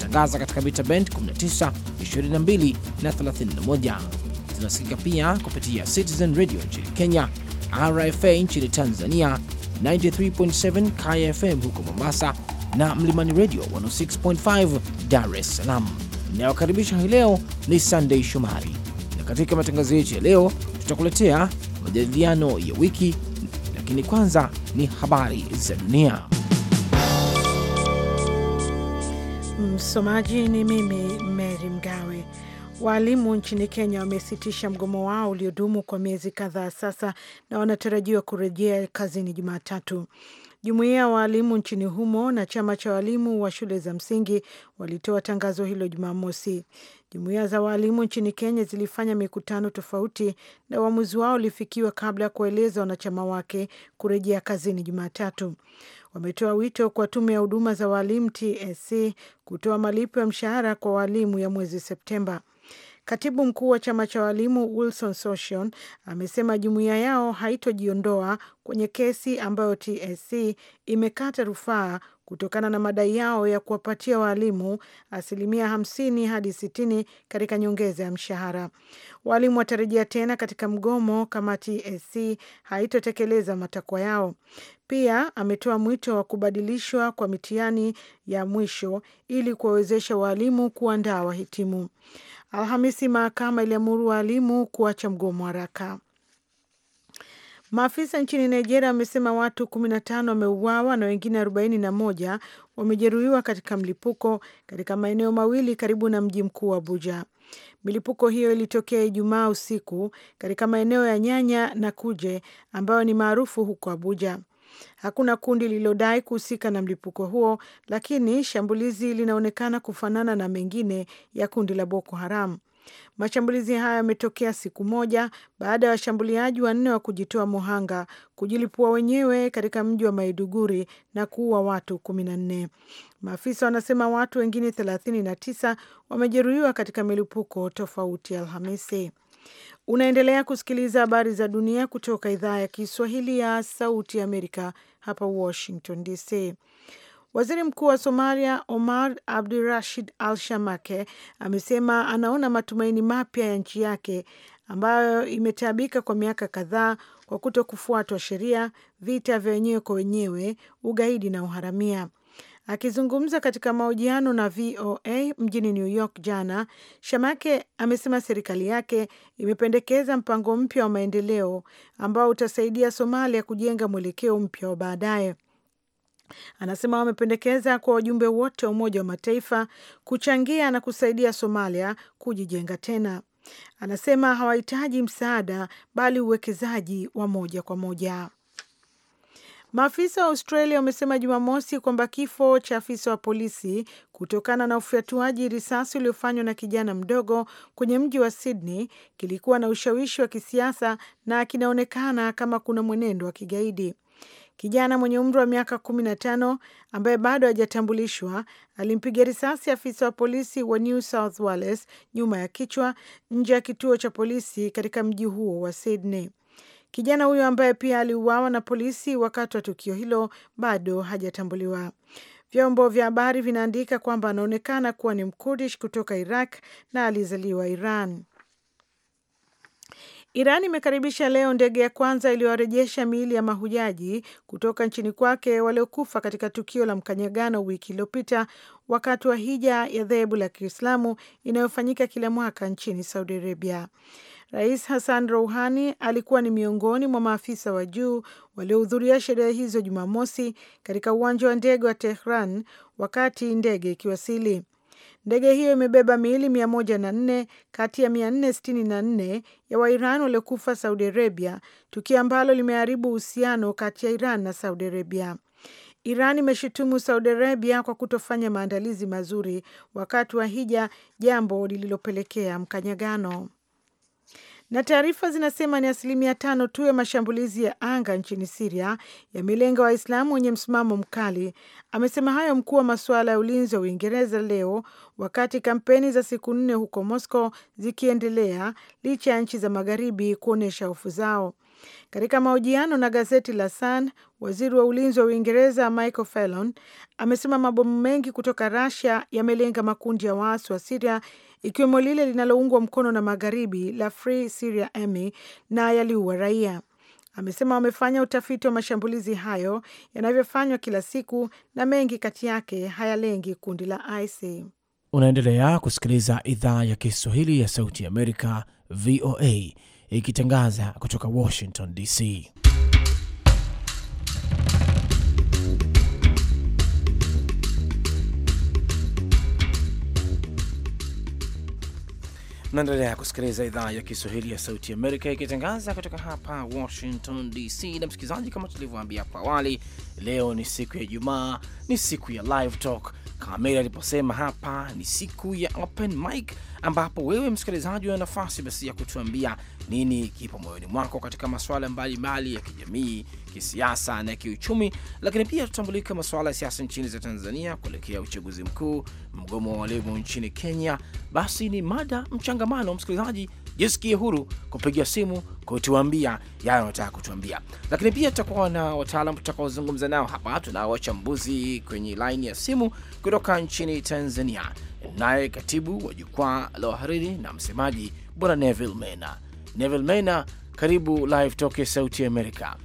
tunatangaza katika mita band 19, 22 na 31. Tunasikika pia kupitia Citizen Radio nchini Kenya, RFA nchini Tanzania, 93.7 KFM huko Mombasa na Mlimani Radio 106.5 Dar es Salaam. Inayokaribisha hii leo ni Sunday Shomari, na katika matangazo yetu ya leo tutakuletea majadiliano ya wiki, lakini kwanza ni habari za dunia. Msomaji ni mimi Mary Mgawe. Waalimu nchini Kenya wamesitisha mgomo wao uliodumu kwa miezi kadhaa sasa na wanatarajiwa kurejea kazini Jumatatu. Jumuiya ya waalimu nchini humo na chama cha waalimu wa shule za msingi walitoa tangazo hilo Jumamosi. Jumuiya za waalimu nchini Kenya zilifanya mikutano tofauti na uamuzi wao ulifikiwa kabla ya kueleza wanachama wake kurejea kazini Jumatatu wametoa wito kwa tume ya huduma za waalimu TSC kutoa malipo ya mshahara kwa waalimu ya mwezi Septemba. Katibu mkuu wa chama cha walimu Wilson Sossion amesema jumuiya yao haitojiondoa kwenye kesi ambayo TSC imekata rufaa kutokana na madai yao ya kuwapatia waalimu asilimia hamsini hadi sitini katika nyongeza ya mshahara. Waalimu watarejea tena katika mgomo kama TSC haitotekeleza matakwa yao. Pia ametoa mwito wa kubadilishwa kwa mitihani ya mwisho ili kuwawezesha waalimu kuandaa wahitimu. Alhamisi mahakama iliamuru waalimu kuacha mgomo haraka. Maafisa nchini Nigeria wamesema watu 15 wameuawa na wengine 41 wamejeruhiwa katika mlipuko katika maeneo mawili karibu na mji mkuu Abuja. Milipuko hiyo ilitokea Ijumaa usiku katika maeneo ya Nyanya na Kuje ambayo ni maarufu huko Abuja. Hakuna kundi lililodai kuhusika na mlipuko huo, lakini shambulizi linaonekana kufanana na mengine ya kundi la Boko Haram. Mashambulizi hayo yametokea siku moja baada ya washambuliaji wanne wa kujitoa muhanga kujilipua wenyewe katika mji wa Maiduguri na kuua watu kumi na nne. Maafisa wanasema watu wengine thelathini na tisa wamejeruhiwa katika milipuko tofauti Alhamisi. Unaendelea kusikiliza habari za dunia kutoka idhaa ya Kiswahili ya Sauti ya Amerika hapa Washington DC. Waziri mkuu wa Somalia Omar rashid Al Shamake amesema anaona matumaini mapya ya nchi yake ambayo imetaabika kwa miaka kadhaa kwa kuto kufuatwa sheria, vita vya wenyewe kwa wenyewe, ugaidi na uharamia. Akizungumza katika mahojiano na VOA mjini New York jana, Shamake amesema serikali yake imependekeza mpango mpya wa maendeleo ambao utasaidia Somalia kujenga mwelekeo mpya wa baadaye. Anasema wamependekeza kwa wajumbe wote wa Umoja wa Mataifa kuchangia na kusaidia Somalia kujijenga tena. Anasema hawahitaji msaada bali uwekezaji wa moja kwa moja. Maafisa wa Australia wamesema Jumamosi kwamba kifo cha afisa wa polisi kutokana na ufyatuaji risasi uliofanywa na kijana mdogo kwenye mji wa Sydney kilikuwa na ushawishi wa kisiasa na kinaonekana kama kuna mwenendo wa kigaidi. Kijana mwenye umri wa miaka kumi na tano ambaye bado hajatambulishwa alimpiga risasi afisa wa polisi wa New South Wales nyuma ya kichwa nje ya kituo cha polisi katika mji huo wa Sydney. Kijana huyo ambaye pia aliuawa na polisi wakati wa tukio hilo bado hajatambuliwa. Vyombo vya habari vinaandika kwamba anaonekana kuwa ni Mkurdish kutoka Iraq na alizaliwa Iran. Iran imekaribisha leo ndege ya kwanza iliyowarejesha miili ya mahujaji kutoka nchini kwake waliokufa katika tukio la mkanyagano wiki iliyopita wakati wa hija ya dhehebu la Kiislamu inayofanyika kila mwaka nchini Saudi Arabia. Rais Hassan Rouhani alikuwa ni miongoni mwa maafisa wa juu waliohudhuria sherehe hizo Jumamosi katika uwanja wa ndege wa Tehran wakati ndege ikiwasili. Ndege hiyo imebeba miili 104 kati ya 464 ya Wairani waliokufa Saudi Arabia, tukio ambalo limeharibu uhusiano kati ya Iran na Saudi Arabia. Iran imeshutumu Saudi Arabia kwa kutofanya maandalizi mazuri wakati wa hija, jambo lililopelekea mkanyagano na taarifa zinasema ni asilimia tano tu ya mashambulizi ya anga nchini Siria yamelenga Waislamu wenye msimamo mkali. Amesema hayo mkuu wa masuala ya ulinzi wa Uingereza leo wakati kampeni za siku nne huko Moscow zikiendelea licha ya nchi za magharibi kuonyesha hofu zao. Katika mahojiano na gazeti la Sun, waziri wa ulinzi wa Uingereza Michael Fallon amesema mabomu mengi kutoka rasia yamelenga makundi ya waasi wa Siria ikiwemo lile linaloungwa mkono na magharibi la Free Syria Army na yaliua raia. Amesema wamefanya utafiti wa mashambulizi hayo yanavyofanywa kila siku na mengi kati yake hayalengi kundi la IC. Unaendelea kusikiliza idhaa ya Kiswahili ya Sauti ya Amerika, VOA, ikitangaza kutoka Washington DC. Naendelea kusikiliza idhaa ya Kiswahili ya Sauti Amerika ikitangaza kutoka hapa Washington DC. Na msikilizaji, kama tulivyoambia hapo awali, leo ni siku ya Ijumaa, ni siku ya Live Talk kama aliposema hapa, ni siku ya open mic ambapo wewe msikilizaji una nafasi basi ya kutuambia nini kipo moyoni mwako katika masuala mbalimbali ya kijamii, kisiasa na kiuchumi. Lakini pia tutambulika masuala ya siasa nchini za Tanzania kuelekea uchaguzi mkuu, mgomo wa walimu nchini Kenya. Basi ni mada mchangamano, msikilizaji jisikie huru kupiga simu kutuambia yale unataka kutuambia, lakini pia tutakuwa na wataalam tutakaozungumza nao hapa. Tunao wachambuzi kwenye laini ya simu kutoka nchini Tanzania, naye katibu wa jukwaa la wahariri na msemaji Bwana Neville Mena. Neville Mena, karibu Live Talk ya Sauti Amerika.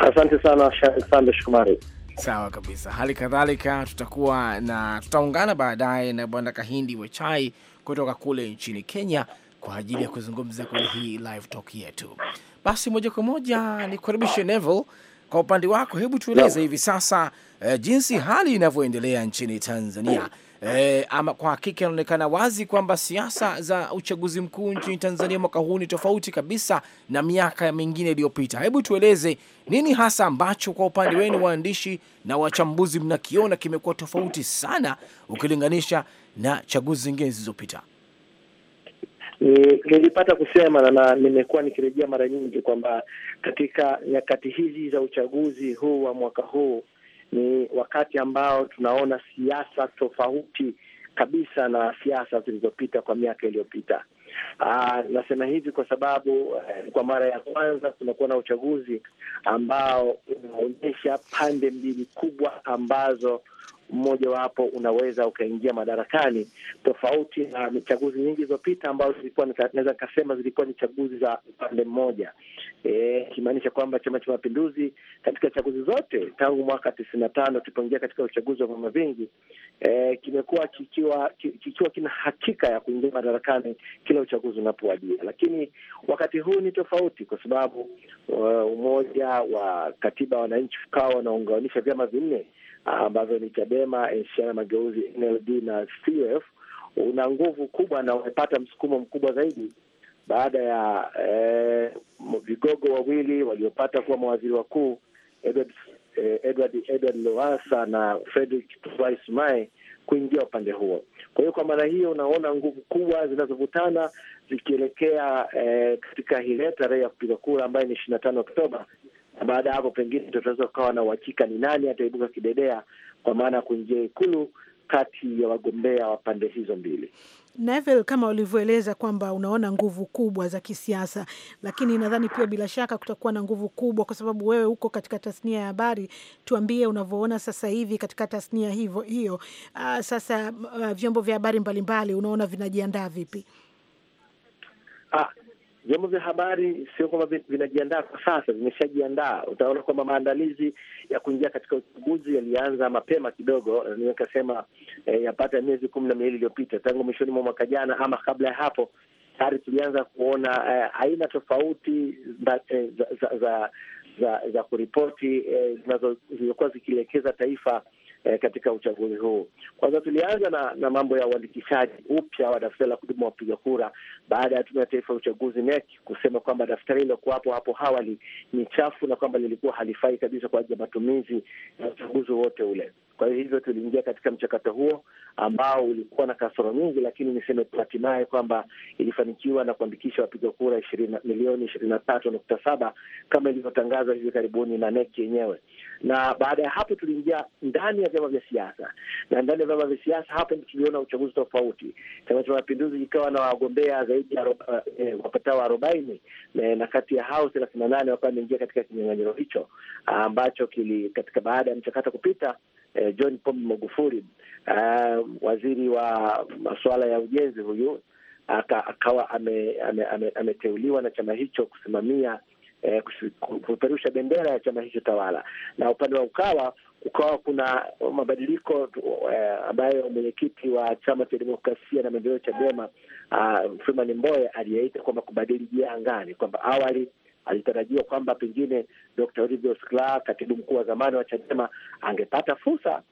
Asante sana Sande shumari Sawa kabisa. Hali kadhalika tutakuwa na tutaungana baadaye na Bwana Kahindi wachai kutoka kule nchini Kenya kwa ajili ya kuzungumza kwenye hii live talk yetu. Basi moja kwa moja ni kukaribishe Neville, kwa upande wako, hebu tueleze hivi sasa eh, jinsi hali inavyoendelea nchini Tanzania. E, ama kwa hakika inaonekana wazi kwamba siasa za uchaguzi mkuu nchini Tanzania mwaka huu ni tofauti kabisa na miaka mingine iliyopita. Hebu tueleze nini hasa ambacho kwa upande wenu waandishi na wachambuzi mnakiona kimekuwa tofauti sana ukilinganisha na chaguzi zingine zilizopita? Eh, nilipata kusema na nimekuwa nikirejea mara nyingi kwamba katika nyakati hizi za uchaguzi huu wa mwaka huu ni wakati ambao tunaona siasa tofauti kabisa na siasa zilizopita kwa miaka iliyopita. Ah, nasema hivi kwa sababu eh, kwa mara ya kwanza tunakuwa na uchaguzi ambao unaonyesha pande mbili kubwa ambazo mmoja wapo unaweza ukaingia madarakani, tofauti na chaguzi nyingi zilizopita ambazo zilikuwa naweza nikasema zilikuwa ni chaguzi za upande mmoja, ikimaanisha e, kwamba Chama cha Mapinduzi katika chaguzi zote tangu mwaka tisini na tano tulipoingia katika uchaguzi wa vyama vingi e, kimekuwa kikiwa, kikiwa kina hakika ya kuingia madarakani kila uchaguzi unapowadia, lakini wakati huu ni tofauti kwa sababu e, umoja wa katiba wananchi ukawa wanaunganisha vyama vinne Ah, ambazo ni Chadema, Chama Mageuzi, NLD na CUF una nguvu kubwa na umepata msukumo mkubwa zaidi baada ya eh, vigogo wawili waliopata kuwa mawaziri wakuu Edward, eh, Edward, Edward na Frederick Tuwai Sumaye kuingia upande huo. Kwa hiyo kwa maana hiyo unaona nguvu kubwa zinazovutana zikielekea eh, katika ile tarehe ya kupiga kura ambayo ni ishirini na tano Oktoba na baada ya hapo pengine tutaweza kukawa na uhakika ni nani ataibuka kidedea, kwa maana ya kuingia Ikulu kati ya wagombea wa pande hizo mbili. Neville, kama ulivyoeleza kwamba unaona nguvu kubwa za kisiasa, lakini nadhani pia bila shaka kutakuwa na nguvu kubwa, kwa sababu wewe uko katika tasnia ya habari. Tuambie unavyoona sasa hivi katika tasnia hivyo hiyo. Uh, sasa uh, vyombo vya habari mbalimbali unaona vinajiandaa vipi? Ah, vyombo vya habari sio kwamba vinajiandaa kwa sasa, vimeshajiandaa. Utaona kwamba maandalizi ya kuingia katika uchaguzi yalianza mapema kidogo, nikasema eh, yapata miezi kumi na miwili iliyopita tangu mwishoni mwa mwaka jana ama kabla ya hapo tayari tulianza kuona eh, aina tofauti za, eh, za, za, za, za, za kuripoti eh, zilizokuwa eh, zikielekeza taifa eh, katika uchaguzi huu. Kwanza tulianza na, na mambo ya uandikishaji upya wa daftari la kudumu wapiga kura baada ya Tume ya Taifa ya Uchaguzi NEC kusema kwamba daftari lilokuwapo hapo awali ni chafu na kwamba lilikuwa halifai kabisa kwa ajili ya matumizi ya uchaguzi wote ule. Kwa hivyo tuliingia katika mchakato huo ambao ulikuwa na kasoro nyingi, lakini niseme tu hatimaye kwamba ilifanikiwa na kuandikisha wapiga kura milioni ishirini na tatu nukta saba kama ilivyotangazwa hivi karibuni na NEC yenyewe. Na baada ya hapo tuliingia ndani ya vyama vya siasa, na ndani ya vyama vya siasa hapo tuliona uchaguzi tofauti. Chama cha Mapinduzi ikawa na wagombea zaidi ya uh, wapatao arobaini na kati ya hao thelathini na nane wakawa wameingia katika kinyang'anyiro hicho ambacho kili katika baada ya mchakato kupita eh, John Pombe Magufuli uh, waziri wa masuala ya ujenzi huyu aka, akawa ameteuliwa ame, ame, ame na chama hicho kusimamia eh, kupeperusha bendera ya chama hicho tawala, na upande wa Ukawa kukawa kuna mabadiliko eh, ambayo mwenyekiti wa chama cha demokrasia na maendeleo Chadema uh, Freeman Mbowe aliyeita kwamba kubadili jia angani, kwamba awali alitarajiwa kwamba pengine Dr. Olivio Clark, katibu mkuu wa zamani wa Chadema, angepata fursa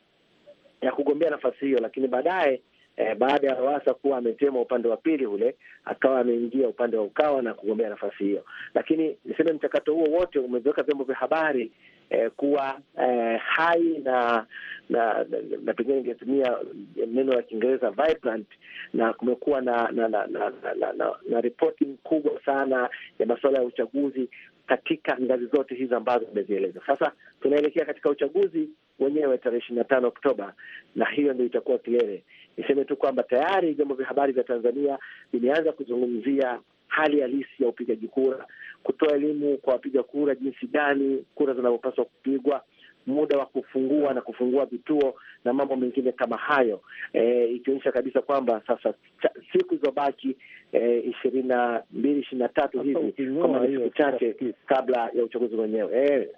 ya kugombea nafasi hiyo, lakini baadaye eh, baada ya Lowassa kuwa ametema upande wa pili ule, akawa ameingia upande wa Ukawa na kugombea nafasi hiyo. Lakini niseme mchakato huo wote umeviweka vyombo vya habari eh, kuwa eh, hai na na, na, na pengine ningetumia neno la Kiingereza vibrant, na kumekuwa na na, na, na, na, na, na, na ripoti kubwa sana ya masuala ya uchaguzi katika ngazi zote hizo ambazo imezieleza. Sasa tunaelekea katika uchaguzi wenyewe tarehe ishirini na tano Oktoba, na hiyo ndio itakuwa kilele. Niseme tu kwamba tayari vyombo vya habari vya Tanzania vimeanza kuzungumzia hali halisi ya upigaji kura, kutoa elimu kwa wapiga kura jinsi gani kura zinavyopaswa kupigwa, muda wa kufungua na kufungua vituo na mambo mengine kama hayo, e, ikionyesha kabisa kwamba sasa siku zilizobaki e, ishirini na mbili ishirini na tatu hivi kama ni siku chache kabla ya uchaguzi wenyewe. E,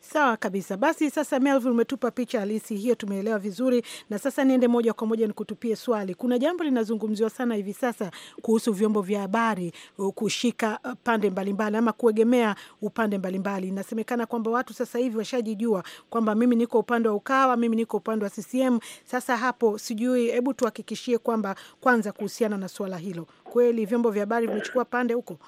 Sawa kabisa. Basi sasa, Melvin, umetupa picha halisi hiyo, tumeelewa vizuri. Na sasa niende moja kwa moja nikutupie swali. Kuna jambo linazungumziwa sana hivi sasa kuhusu vyombo vya habari uh, kushika uh, pande mbalimbali ama kuegemea upande mbalimbali. Inasemekana kwamba watu sasa hivi washajijua kwamba mimi niko upande wa Ukawa, mimi niko upande wa CCM. Sasa hapo sijui, hebu tuhakikishie kwamba kwanza, kuhusiana na swala hilo, kweli vyombo vya habari vimechukua pande huko?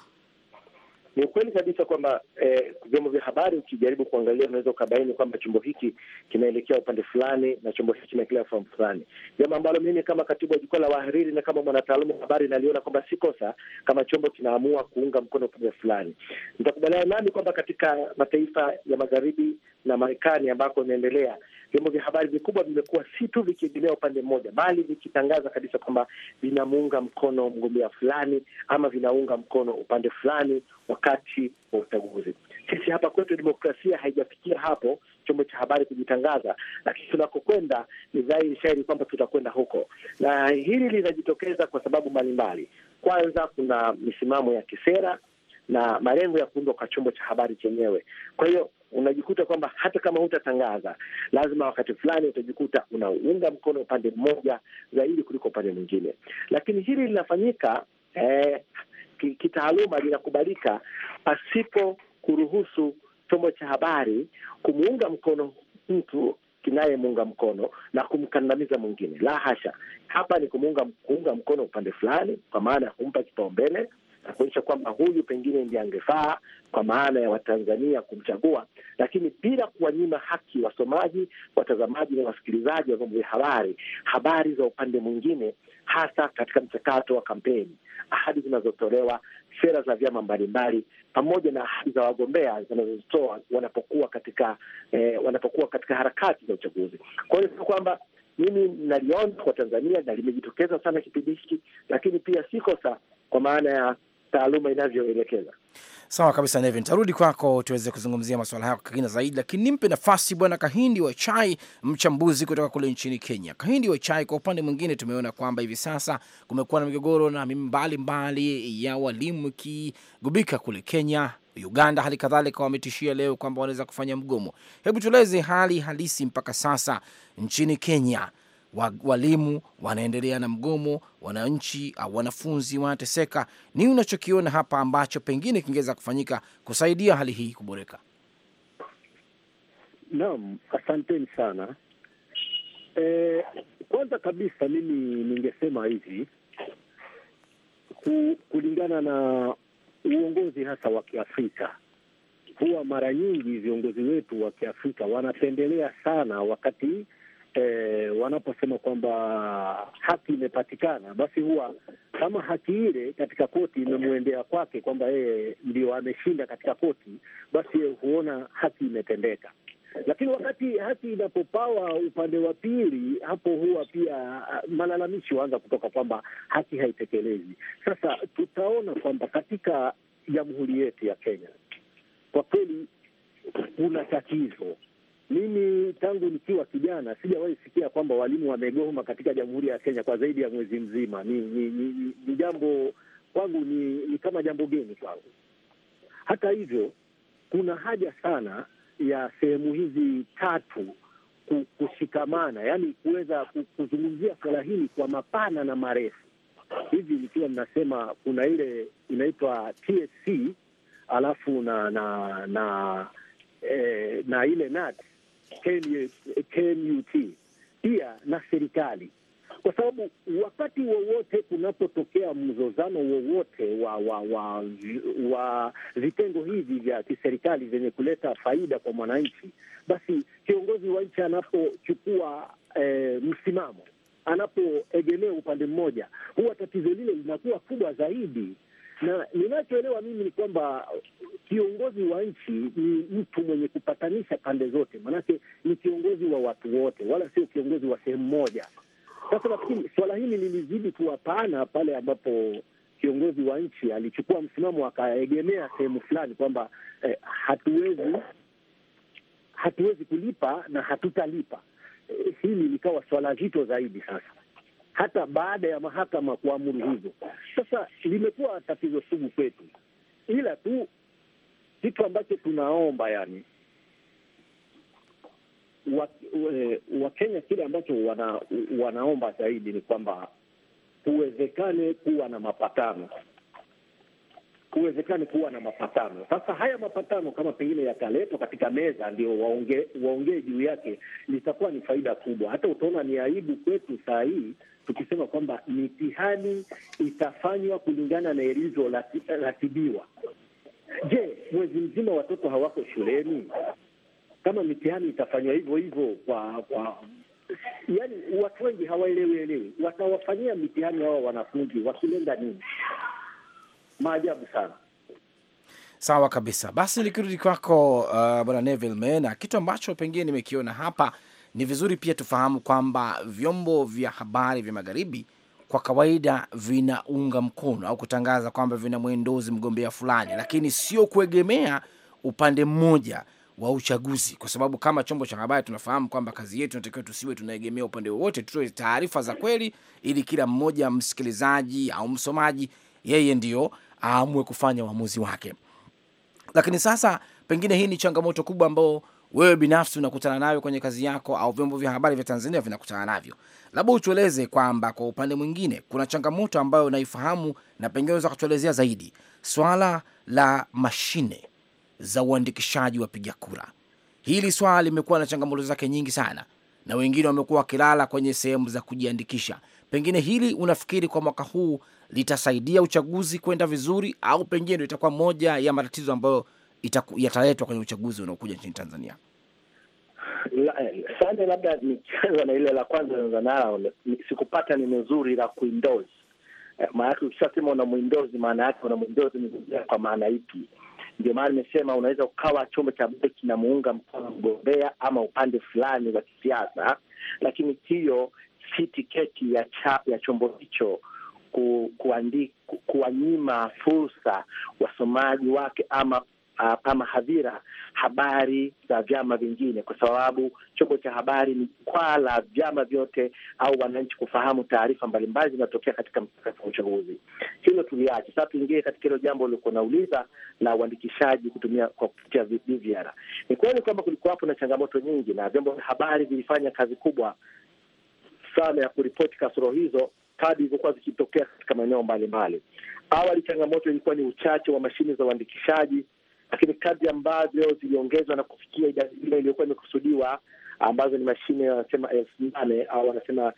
Ni ukweli kabisa kwamba eh, vyombo vya habari ukijaribu kuangalia, unaweza ukabaini kwamba chombo hiki kinaelekea upande fulani na chombo hiki kinaelekea upande fulani, jambo ambalo mimi kama katibu wa jukwaa la wahariri na kama mwanataaluma wa habari naliona kwamba si kosa kama chombo kinaamua kuunga mkono upande fulani. Nitakubaliana nani kwamba katika mataifa ya magharibi na Marekani ambako inaendelea vyombo vya habari vikubwa vimekuwa si tu vikiegemea upande mmoja, bali vikitangaza kabisa kwamba vinamuunga mkono mgombea fulani ama vinaunga mkono upande fulani wakati wa uchaguzi. Sisi hapa kwetu demokrasia haijafikia hapo chombo cha habari kujitangaza, lakini tunakokwenda ni dhahiri shairi kwamba tutakwenda huko, na hili linajitokeza kwa sababu mbalimbali. Kwanza, kuna misimamo ya kisera na malengo ya kuundwa kwa chombo cha habari chenyewe. Kwa hiyo unajikuta kwamba hata kama hutatangaza, lazima wakati fulani utajikuta unaunga mkono upande mmoja zaidi kuliko upande mwingine. Lakini hili linafanyika eh, kitaaluma, linakubalika pasipo kuruhusu chombo cha habari kumuunga mkono mtu kinayemuunga mkono na kumkandamiza mwingine. La hasha, hapa ni kumuunga, kuunga mkono upande fulani, kwa maana ya kumpa kipaumbele na kuonyesha kwamba huyu pengine ndiye angefaa kwa maana ya Watanzania kumchagua, lakini bila kuwanyima haki wasomaji, watazamaji na wasikilizaji wa vyombo vya habari, habari za upande mwingine, hasa katika mchakato wa kampeni, ahadi zinazotolewa, sera za vyama mbalimbali, pamoja na ahadi za wagombea zinazozitoa wanapokuwa katika eh, wanapokuwa katika harakati za uchaguzi. Kwa hiyo sio kwamba mimi naliona kwa Tanzania na limejitokeza sana kipindi hiki, lakini pia si kosa kwa maana ya taaluma inavyoelekeza. Sawa kabisa, Nevin, tarudi kwako tuweze kuzungumzia masuala hayo kwa kina zaidi, lakini nimpe nafasi Bwana Kahindi wa Chai, mchambuzi kutoka kule nchini Kenya. Kahindi wa Chai, kwa upande mwingine tumeona kwamba hivi sasa kumekuwa na migogoro na mbalimbali ya walimu ikigubika kule Kenya, Uganda hali kadhalika, wametishia leo kwamba wanaweza kufanya mgomo. Hebu tueleze hali halisi mpaka sasa nchini Kenya walimu wanaendelea na mgomo, wananchi au wanafunzi wanateseka. Nini unachokiona hapa ambacho pengine kingeweza kufanyika kusaidia hali hii kuboreka? Naam, asanteni sana. E, kwanza kabisa mimi ningesema hivi kulingana na uongozi hasa wa Kiafrika, huwa mara nyingi viongozi wetu wa Kiafrika wanapendelea sana wakati e, wanaposema kwamba haki imepatikana, basi huwa kama haki ile katika koti imemwendea kwake kwamba yeye ndio ameshinda katika koti, basi ye huona haki imetendeka. Lakini wakati haki inapopawa upande wa pili, hapo huwa pia ah, malalamishi huanza kutoka kwamba haki haitekelezi. Sasa tutaona kwamba katika jamhuri yetu ya Kenya kwa kweli kuna tatizo mimi tangu nikiwa kijana sijawahi sikia kwamba walimu wamegoma katika Jamhuri ya Kenya kwa zaidi ya mwezi mzima. Ni ni, ni, ni jambo kwangu ni, ni kama jambo geni kwangu. Hata hivyo, kuna haja sana ya sehemu hizi tatu kushikamana, yaani kuweza kuzungumzia swala hili kwa mapana na marefu. Hivi nikiwa mnasema kuna ile inaitwa TSC alafu na na na, e, na ile NAT KMUT pia na serikali, kwa sababu wakati wowote kunapotokea mzozano wowote wa wa, wa wa vitengo hivi vya kiserikali vyenye kuleta faida kwa mwananchi, basi kiongozi wa nchi anapochukua e, msimamo, anapoegemea upande mmoja, huwa tatizo lile linakuwa kubwa zaidi na ninachoelewa mimi ni kwamba kiongozi wa nchi ni mtu mwenye kupatanisha pande zote, maanake ni kiongozi wa watu wote, wala sio kiongozi wa sehemu moja. Sasa nafikiri suala hili lilizidi kuwa pana pale ambapo kiongozi wa nchi alichukua msimamo akaegemea sehemu fulani kwamba eh, hatuwezi hatuwezi kulipa na hatutalipa. Eh, hili likawa swala zito zaidi sasa hata baada ya mahakama kuamuru hivyo. Sasa limekuwa tatizo sugu kwetu, ila tu kitu ambacho tunaomba yani Wakenya wa kile ambacho wana, wanaomba zaidi ni kwamba kuwezekane kuwa na mapatano kuwezekani kuwa na mapatano. Sasa haya mapatano kama pengine yataletwa katika meza, ndio waongee waonge juu yake, litakuwa ni faida kubwa. Hata utaona ni aibu kwetu saa hii tukisema kwamba mitihani itafanywa kulingana na ilivyoratibiwa. Je, mwezi mzima watoto hawako shuleni? Kama mitihani itafanywa hivyo hivyo kwa kwa yaani, watu wengi hawaelewi elewi, watawafanyia mitihani hawa wanafunzi wakilenga nini? maajabu sana. Sawa kabisa. Basi nikirudi kwako, uh, bwana Neville Mena, kitu ambacho pengine nimekiona hapa ni vizuri pia tufahamu kwamba vyombo vya habari vya magharibi kwa kawaida vinaunga mkono au kutangaza kwamba vina mwendozi mgombea fulani, lakini sio kuegemea upande mmoja wa uchaguzi, kwa sababu kama chombo cha habari tunafahamu kwamba kazi yetu inatakiwa tusiwe tunaegemea upande wowote, tutoe taarifa za kweli, ili kila mmoja msikilizaji au msomaji yeye ndiyo aamue kufanya uamuzi wake. Lakini sasa pengine hii ni changamoto kubwa ambao wewe binafsi unakutana nayo kwenye kazi yako au vyombo vya habari vya Tanzania vinakutana navyo. Labda utueleze kwamba kwa upande mwingine kuna changamoto ambayo unaifahamu na pengine unaweza kutuelezea zaidi, swala la mashine za uandikishaji wapiga kura. Hili swala limekuwa na changamoto zake nyingi sana, na wengine wamekuwa wakilala kwenye sehemu za kujiandikisha. Pengine hili unafikiri kwa mwaka huu litasaidia uchaguzi kwenda vizuri, au pengine ndio itakuwa moja ya matatizo ambayo yataletwa kwenye uchaguzi unaokuja nchini Tanzania? La, eh, sande, labda nikianza na ile la kwanza zanzanao, sikupata neno zuri la kuindozi. Eh, Maanake ukishasema una mwindozi, maana yake una mwindozi kwa maana ipi? Ndio maana nimesema unaweza ukawa chombo cha habari kinamuunga mkono mgombea ama upande fulani wa kisiasa, lakini hiyo si tiketi ya cha, ya chombo hicho ku, kuandi, ku, kuwanyima fursa wasomaji wake ama Uh, ama hadhira habari za vyama vingine, kwa sababu chombo cha habari ni jukwaa la vyama vyote au wananchi kufahamu taarifa mbalimbali zinatokea katika mchakato wa uchaguzi. Hilo tuliache sasa, tuingie katika hilo jambo uliokuwa unauliza la uandikishaji kutumia kwa kupitia BVR. Ni kweli kwamba kulikuwa hapo na changamoto nyingi, na vyombo vya habari vilifanya kazi kubwa sana ya kuripoti kasoro hizo kadi zilizokuwa zikitokea katika maeneo mbalimbali. Awali changamoto ilikuwa ni uchache wa mashine za uandikishaji, lakini kadi ambazo ziliongezwa na kufikia idadi ile iliyokuwa imekusudiwa, ambazo ni mashine wanasema elfu nane au wanasema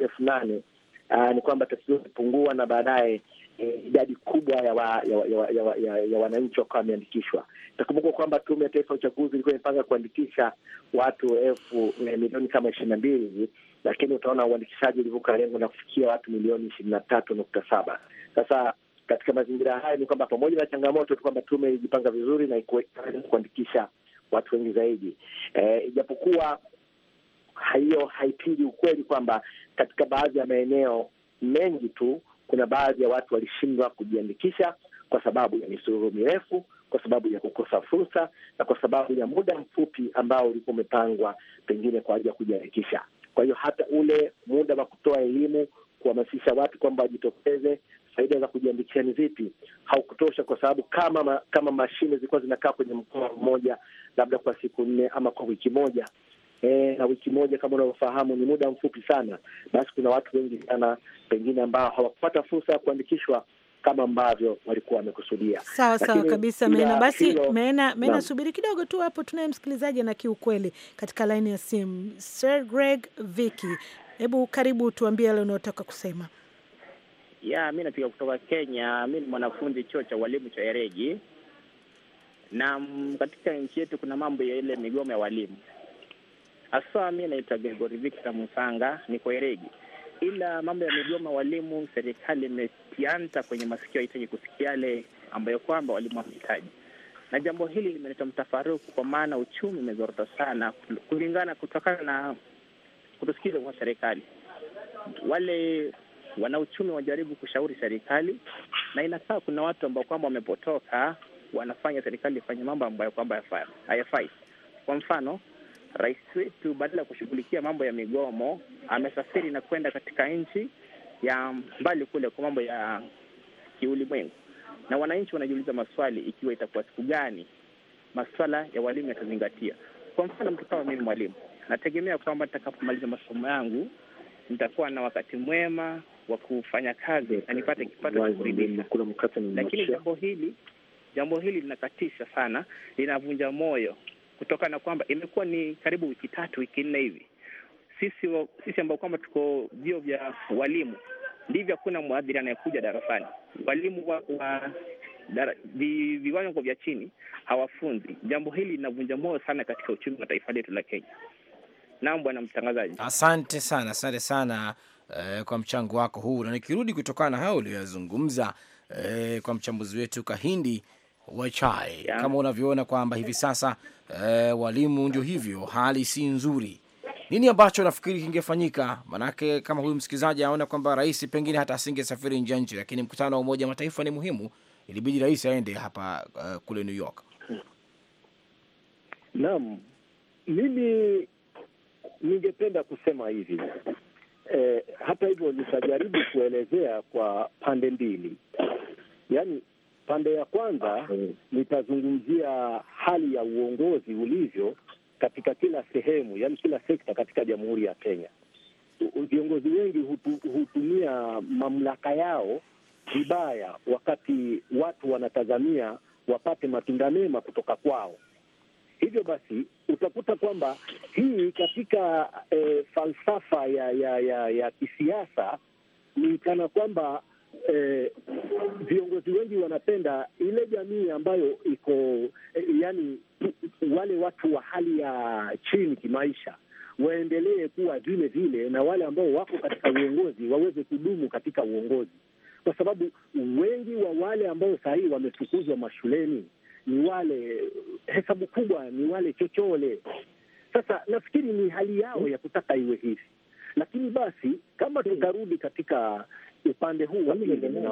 elfu nane ah, ni kwamba tatizo imepungua na baadaye idadi eh, idadi kubwa ya wananchi ya, ya, ya, ya, ya wakawa wameandikishwa. Itakumbuka kwamba Tume ya Taifa ya Uchaguzi ilikuwa imepanga kuandikisha watu elfu eh, milioni kama ishirini na mbili hivi, lakini utaona uandikishaji ulivuka lengo na kufikia watu milioni ishirini na tatu nukta saba. Sasa katika mazingira haya ni kwamba pamoja na changamoto tu kwamba tume ilijipanga vizuri na kuandikisha watu wengi zaidi, e, ijapokuwa e, hiyo haipingi ukweli kwamba katika baadhi ya maeneo mengi tu kuna baadhi ya watu walishindwa kujiandikisha kwa sababu ya misururu mirefu, kwa sababu ya kukosa fursa, na kwa sababu ya muda mfupi ambao ulikuwa umepangwa pengine kwa ajili ya kujiandikisha. Kwa hiyo hata ule muda wa kutoa elimu, kuhamasisha watu kwamba wajitokeze, faida za kujiandikisha ni vipi, haukutosha kwa sababu kama ma, kama mashine zilikuwa zinakaa kwenye mkoa mmoja labda kwa siku nne ama kwa wiki moja E, na wiki moja kama unavyofahamu ni muda mfupi sana. Basi kuna watu wengi sana pengine ambao hawakupata fursa ya kuandikishwa kama ambavyo walikuwa wamekusudia. Sawa sawa kabisa, Mena. Basi Mena, Mena, subiri kidogo tu hapo, tunaye msikilizaji na kiukweli katika laini ya simu, Sir Greg Viki, hebu karibu, tuambie yale unayotaka kusema. Ya, mi napiga kutoka Kenya. Mi ni mwanafunzi chuo cha ualimu cha Eregi, na katika nchi yetu kuna mambo ya ile migomo ya walimu haswa. Mi naitwa Gregori Victor Musanga, niko Eregi ila mambo ya migoma walimu, serikali imetianta kwenye masikio, haitaki kusikia yale ambayo kwamba walimu wamehitaji na jambo hili limeleta mtafaruku, kwa maana uchumi umezorota sana, kulingana kutokana na kutosikiza kwa serikali. Wale wanauchumi wajaribu kushauri serikali, na inakaa kuna watu ambao kwamba wamepotoka, wanafanya serikali ifanye mambo ambayo kwamba hayafai. Kwa mfano Rais wetu badala ya kushughulikia mambo ya migomo amesafiri na kwenda katika nchi ya mbali kule kwa mambo ya kiulimwengu, na wananchi wanajiuliza maswali ikiwa itakuwa siku gani maswala ya walimu yatazingatia. Kwa mfano, mtu kama mimi mwalimu, nategemea kwamba nitakapomaliza masomo yangu nitakuwa na wakati mwema wa kufanya kazi na nipate kipato cha kuridhisha, lakini jambo hili jambo hili linakatisha sana, linavunja moyo kutokana na kwamba imekuwa ni karibu wiki tatu, wiki nne hivi, sisi sisi ambao kwamba tuko vio vya walimu ndivyo, hakuna mwadhiri anayekuja darasani. Walimu wa, wa dara, vi, viwango vya chini hawafunzi. Jambo hili linavunja moyo sana katika uchumi wa taifa letu la Kenya. Naam, bwana mtangazaji, asante sana, asante sana eh, kwa mchango wako huu, na nikirudi kutokana na hayo uliyoyazungumza eh, kwa mchambuzi wetu Kahindi Wachai yeah. Kama unavyoona kwamba hivi sasa e, walimu ndio hivyo, hali si nzuri. Nini ambacho nafikiri kingefanyika? Maanake kama huyu msikilizaji aona kwamba rais pengine hata asingesafiri nje nchi, lakini mkutano wa Umoja Mataifa ni muhimu, ilibidi rais aende hapa uh, kule New York. Naam, mimi ningependa kusema hivi e, hata hivyo nitajaribu kuelezea kwa pande mbili, yaani Pande ya kwanza ah, mm. nitazungumzia hali ya uongozi ulivyo katika kila sehemu, yani kila sekta katika Jamhuri ya Kenya. Viongozi wengi hutu, hutumia mamlaka yao vibaya, wakati watu wanatazamia wapate matunda mema kutoka kwao. Hivyo basi utakuta kwamba hii katika e, falsafa ya ya ya, ya kisiasa ni kana kwamba eh, viongozi wengi wanapenda ile jamii ambayo iko eh, yani wale watu wa hali ya chini kimaisha waendelee kuwa vile vile, na wale ambao wako katika uongozi waweze kudumu katika uongozi, kwa sababu wengi wa wale ambao saa hii wamefukuzwa mashuleni ni wale hesabu kubwa, ni wale chochole. Sasa nafikiri ni hali yao ya kutaka iwe hivi, lakini basi kama tutarudi katika upande huu wa pili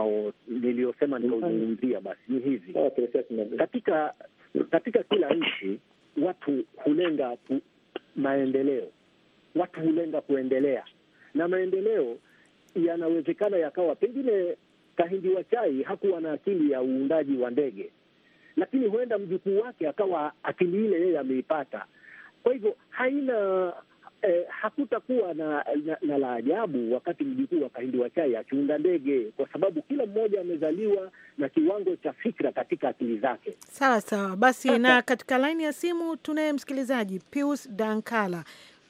niliyosema nikauzungumzia, basi ni hivi: ah, katika katika kila nchi watu hulenga ku, maendeleo, watu hulenga kuendelea, na maendeleo yanawezekana yakawa pengine Kahindi wa chai hakuwa na akili ya uundaji wa ndege, lakini huenda mjukuu wake akawa akili ile yeye ameipata. Kwa hivyo haina eh, hakutakuwa na, na, na la ajabu wakati mjukuu wa Kahindi wa chai akiunda ndege, kwa sababu kila mmoja amezaliwa na kiwango cha fikra katika akili zake. Sawa sawa basi Sasa. Na katika laini ya simu tunaye msikilizaji Pius Dankala,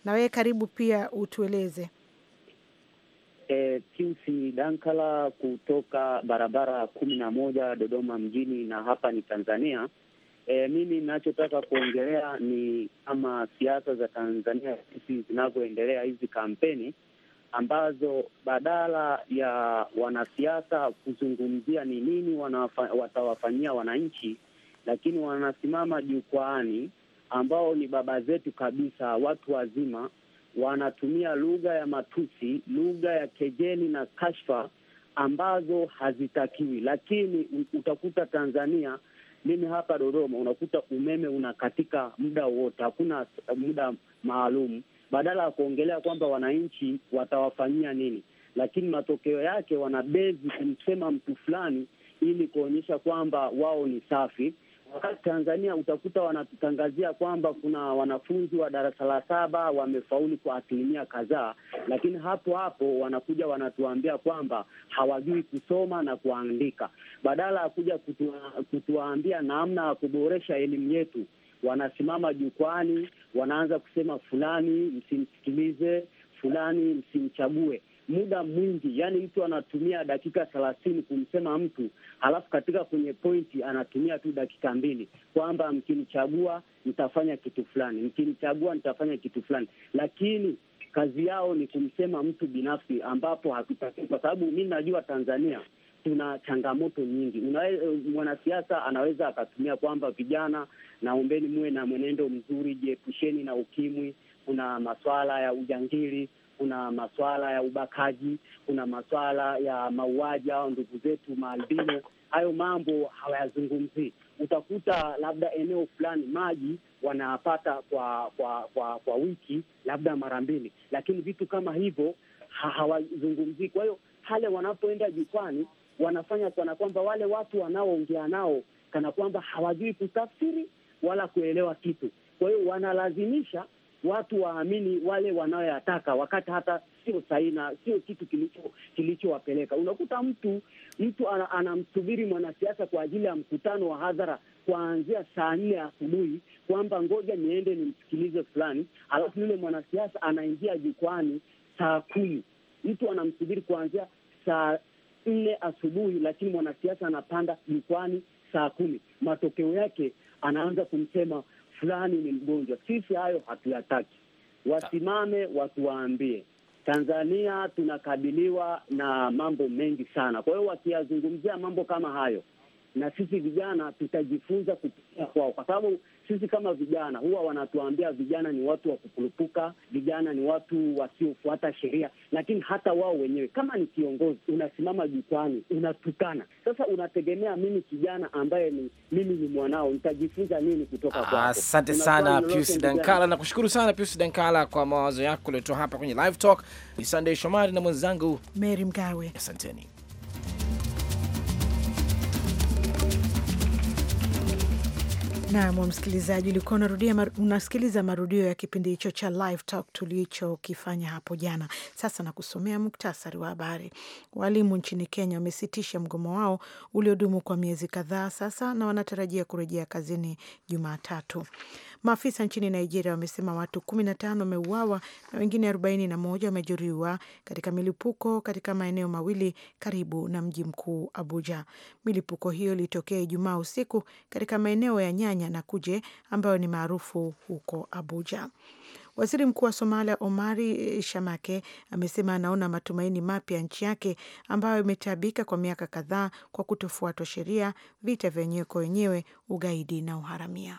na wewe karibu pia utueleze. E, eh, Piusi Dankala kutoka barabara kumi na moja Dodoma mjini, na hapa ni Tanzania. E, mimi ninachotaka kuongelea ni kama siasa za Tanzania sisi zinavyoendelea hizi kampeni ambazo badala ya wanasiasa kuzungumzia ni nini watawafanyia wananchi, lakini wanasimama jukwaani, ambao ni baba zetu kabisa, watu wazima, wanatumia lugha ya matusi, lugha ya kejeli na kashfa ambazo hazitakiwi, lakini utakuta Tanzania mimi hapa Dodoma unakuta umeme unakatika muda wote, hakuna muda maalum, badala ya kuongelea kwamba wananchi watawafanyia nini, lakini matokeo yake wanabezi kumsema mtu fulani ili kuonyesha kwamba wao ni safi Wakati Tanzania utakuta wanatutangazia kwamba kuna wanafunzi wa darasa la saba wamefaulu kwa asilimia kadhaa, lakini hapo hapo wanakuja wanatuambia kwamba hawajui kusoma na kuandika. Badala ya kuja kutua, kutuambia namna ya kuboresha elimu yetu, wanasimama jukwani, wanaanza kusema fulani msimsikilize, fulani msimchague muda mwingi, yani mtu anatumia dakika thelathini kumsema mtu, halafu katika kwenye pointi anatumia tu dakika mbili, kwamba mkinichagua nitafanya kitu fulani, mkinichagua nitafanya kitu fulani, lakini kazi yao ni kumsema mtu binafsi, ambapo hatutaki, kwa sababu mi najua Tanzania tuna changamoto nyingi. Mwanasiasa anaweza akatumia kwamba vijana, naombeni muwe na mwenendo mzuri, jiepusheni na ukimwi, kuna maswala ya ujangili, kuna maswala ya ubakaji, kuna maswala ya mauaji au ndugu zetu maalbino. Hayo mambo hawayazungumzii. Utakuta labda eneo fulani maji wanapata kwa kwa kwa, kwa wiki labda mara mbili, lakini vitu kama hivyo hawazungumzii. Kwa hiyo hale wanapoenda jukwani, wanafanya kana kwamba wale watu wanaoongea nao kana kwamba hawajui kutafsiri wala kuelewa kitu, kwa hiyo wanalazimisha watu waamini wale wanaoyataka, wakati hata sio sahihi na sio kitu kilichowapeleka kilicho. Unakuta mtu mtu anamsubiri ana mwanasiasa kwa ajili ya mkutano wa hadhara kuanzia saa nne asubuhi kwamba ngoja niende nimsikilize fulani, alafu yule mwanasiasa anaingia jukwani saa kumi. Mtu anamsubiri kuanzia saa nne asubuhi, lakini mwanasiasa anapanda jukwani saa kumi. Matokeo yake anaanza kumsema fulani ni mgonjwa. Sisi hayo hatuyataki. Wasimame watuwaambie, Tanzania tunakabiliwa na mambo mengi sana. Kwa hiyo wakiyazungumzia mambo kama hayo na sisi vijana tutajifunza kupitia kwao, kwa sababu sisi kama vijana huwa wanatuambia vijana ni watu wa kukurupuka, vijana ni watu wasiofuata sheria. Lakini hata wao wenyewe kama ni kiongozi, unasimama jukwani unatukana, sasa unategemea mimi kijana ambaye ni mimi ni mwanao nitajifunza nini kutoka kwako? Asante sana Pius Dankala, nakushukuru sana Pius Dankala kwa mawazo yako uliotoa hapa kwenye Live Talk. Ni Sunday Shomari na mwenzangu Mary Mgawe, asanteni. Nam msikilizaji, ulikuwa unarudia mar, unasikiliza marudio ya kipindi hicho cha Live Talk tulichokifanya hapo jana. Sasa na kusomea muktasari wa habari. Walimu nchini Kenya wamesitisha mgomo wao uliodumu kwa miezi kadhaa sasa na wanatarajia kurejea kazini Jumatatu. Maafisa nchini Nigeria wamesema watu 15 wameuawa na wengine 41 wamejeruhiwa katika milipuko katika maeneo mawili karibu na mji mkuu Abuja. Milipuko hiyo ilitokea Ijumaa usiku katika maeneo ya Nyanya na Kuje ambayo ni maarufu huko Abuja. Waziri Mkuu wa Somalia Omari Shamake amesema anaona matumaini mapya nchi yake ambayo imetabika kwa miaka kadhaa kwa kutofuatwa sheria, vita vyenyewe kwa wenyewe, ugaidi na uharamia.